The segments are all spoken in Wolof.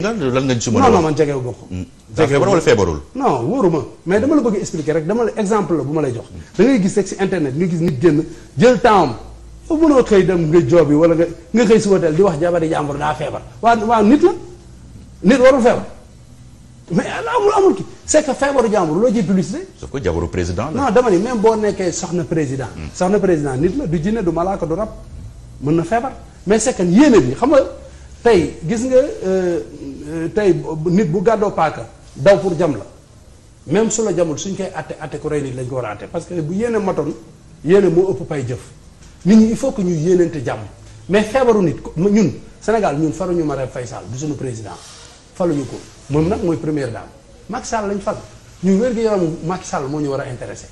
lan lan nga ci mën a non non man jege bokk. feebar wala wóoruma mais dama la bëgg expliquer rek dama la exemple la bu ma lay jox. da gis rek si internet nga gis nit génn jël temps am mënoo xëy dem nga job yi wala nga nga xëy si hôtel di wax jabari jàmbur daa feebar waa waa nit la nit warul feebar mais amul amul ki c'est que feebaru jàmbur loo ciy publicité. sauf que jabaru président la. non dama ni boo nekkee soxna président. Hmm. soxna président nit la du jinne du malaaka du rab mën na feebar mais tey gis nga euh, euh, tey nit bu gàddoo paaka daw pour jam la même su la jamul suñ koy atte atte ko rey nit lañ ko war a atte parce que bu yéene matoon yéene moo ëpp pay jëf nit ñi il faut que ñu yéenante jàmm mais feebaru nit ñun Sénégal ñun faruñu Marème Faye Sall du suñu président faluñu ko moom nag mooy première dame Macky Sall lañ fal ñu wér gi yaram Macky Sall moo ñu war a intéressé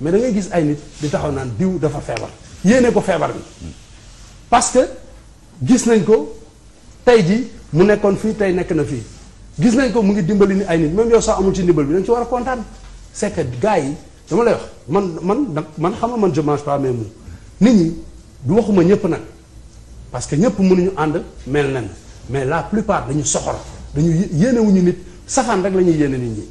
mais da ngay gis ay nit di taxaw naan diw dafa feebar yéene ko feebar bi parce que gis nañ ko tey jii mu nekkoon fii tey nekk na fii gis nañ ko mu ngi dimbali ni ay nit même yow sax amul ci ndimbal bi dañ ci war a kontaan c'est que yi dama lay wax man man nag man xam man je mange pas mes nit ñi du waxuma ñëpp nag parce que ñëpp mënuñu ànd mel nen mais la plupart dañu soxor dañu yéenewuñu nit safaan rek la ñuy yéene nit ñi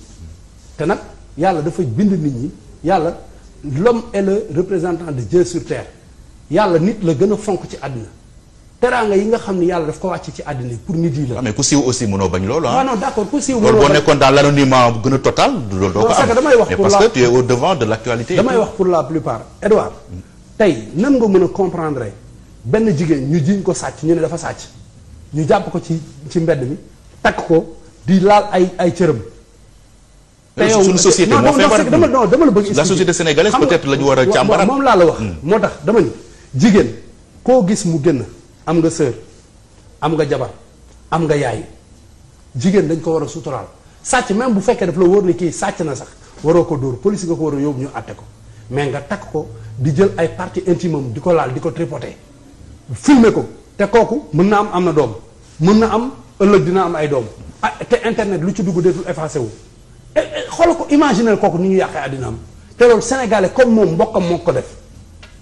te nag yàlla dafa bind nit ñi yàlla l'homme est le représentant de Dieu sur terre yàlla nit la gën a fonk ci àddina teraanga yi nga xam ni yàlla daf ko wàcc ci àddina pour nit yi la. Ah, mais ku siiw aussi mënoo bañ loolu ah. ah non d'accord ku siiw mënoo bañ loolu boo nekkoon dans l'anonymat bu gën a total. loolu doo ko am damay wax pour la parce que tu es au devant de l'actualité. tey nan nga mën a comprendre benn jigéen ñu jiñ ko sàcc ñu ne dafa sàcc ñu jàpp ko ci ci mbedd mi takk ko di laal ay ay cëram. Euh, te yow suñu société moo feebar dama non dama la bëgg. la société sénégalaise peut-être la ñu war a càmbaraat moom laa la wax. Hmm. moo tax dama ni jigéen koo gis mu génn am nga sœur am nga jabar am nga yaay jigéen dañ ko war a suturaal sàcc même bu fekkee daf la wóor ni kii sàcc na sax waroo ko dóor police nga ko war a yóbbu ñu àtte ko mais nga takk ko di jël ay partie intime am di ko laal di ko tripoter filmer ko te kooku mën na am am na doom mën na am ëllëg dina am ay doom ah te internet lu ci dugg deetul effacé wu eh, eh, xoolal ko imaginer kooku nu ñu yàqee àddina am te loolu sénégalais comme moom mbokkam moo ko def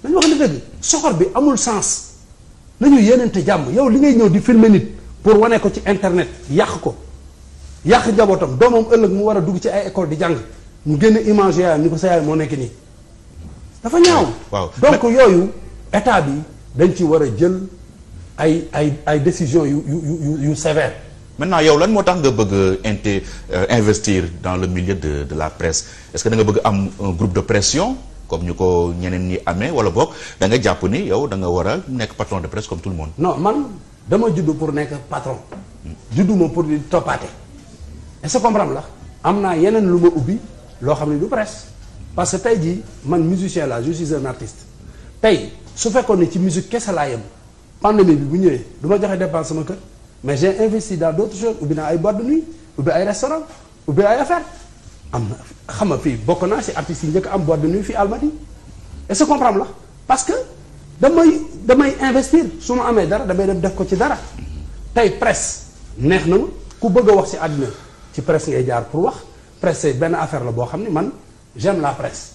dañu wax bi amul sens nañu yéeneente jàmm yow li ngay ñëw di filmer nit pour wane ko ci internet yàq ko yàq njabootam doomam ëllëg mu war a dugg ci ay école di jàng mu génn image yaayam ni ko sa yaay moo nekk nii dafa ñaaw waaw donc yooyu état bi dañ ci war a jël ay ay ay décision yu yu yu yu sévère naa yow lan moo tax nga bëgg inté euh, investir dans le milieu de de la presse est-ce que da nga bëgg am un groupe de pression comme ñu ko ñeneen ñi amee wala boog da nga jàpp ni yow da nga war a nekk patron de presse comme tout le monde. non man dama juddu pour nekk patron. juddu ma pour di toppaate. est-ce que comprendre la am naa yeneen lu ma ubbi loo xam ne du presse parce que tey jii man musicien la je suis un tey su fekkoon ne ci musique kese laa yem pandémie bi bu ñëwee du ma joxe dépense sama kër mais j'ai investi dans d'autres choses ubbi naa ay boîte de nuit ubbi ay restaurant am na xam nga fii bokk naa si artistes yi njëkk am boîte de nuit fi Almadies est-ce que la parce que damay damay investir su ma amee dara damay def ko ci dara tey presse neex na ku bëgg a wax si àddina ci presse ngay jaar pour wax presse c'est benn affaire la boo xam ne man j'aime la presse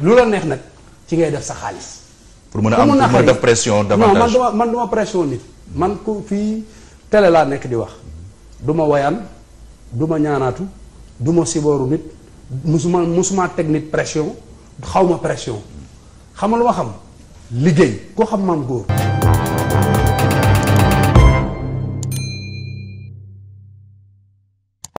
lu la neex nag ci ngay def sa xaalis. pour mën a am a def pression davantage non man duma man duma pression nit man ku fii tele laa nekk di wax du ma woyaan du ma ñaanaatu. du ma sibooru nit musuma musuma teg nit pression xaw ma pression xamal ma xam liggéey koo xam maam góor